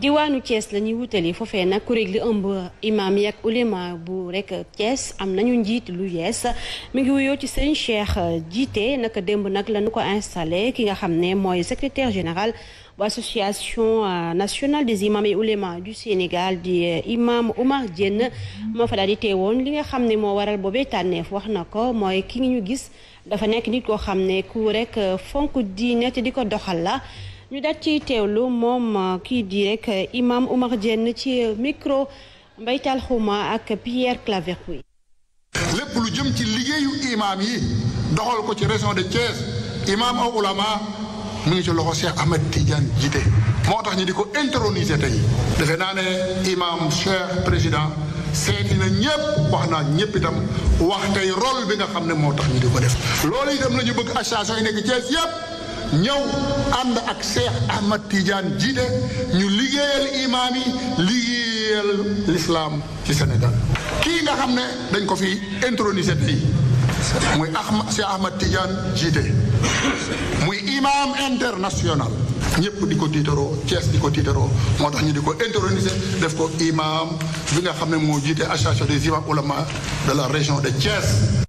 diwaanu cees la ñuy wutali foofee nag kuréel li ëmb imaam yi ak bu rek cees am nañu njiit lu yees mu ngi wuyoo ci sëñ Cheikh euh, jiite naka démb nag lañu ko installé ki nga xam ne mooy secretaire général bu association euh, nationale des imams et ulema du Sénégal di euh, imam Oumar Diène moo fa daal di teewoon li nga xam ne moo waral boobee tànneef wax na ko mooy ki ngi ñu gis dafa nekk nit koo xam ne ku rek fonk diine te di ko doxal la ñu daal ci teewlu moom euh, kii di rek euh, imam Oumar Diène ci micro mbaytal xuma ak Pierre Claver Pouy lépp lu jëm ci liggéeyu imaam yi doxal ko ci région de Thiès imaam aw ulama mu ngi ci loxo Cheikh Ahmed Tidiane Djité moo tax ñu di ko introniser tey defe naa ne imaam Cheikh président seeti na ñëpp wax naa ñëpp itam wax tey rôle bi nga xam ne moo tax ñu di ko def loolu itam la ñu bëgg association yi nekk Thiès yëpp ñëw ànd ak Cheikh Ahmad Tidiane jiite ñu liggéeyal imaam yi liggéeyal l'islam ci Sénégal kii nga xam ne dañ ko fi intronisé tey muy Ahmad Cheikh Ahmad Tidiane jiite muy imam international ñëpp di ko tiitaroo Thiès di ko tiitaroo moo tax ñu di ko introniser def ko imam fi nga xam ne moo jiite association des imams ulama de la région de Thiès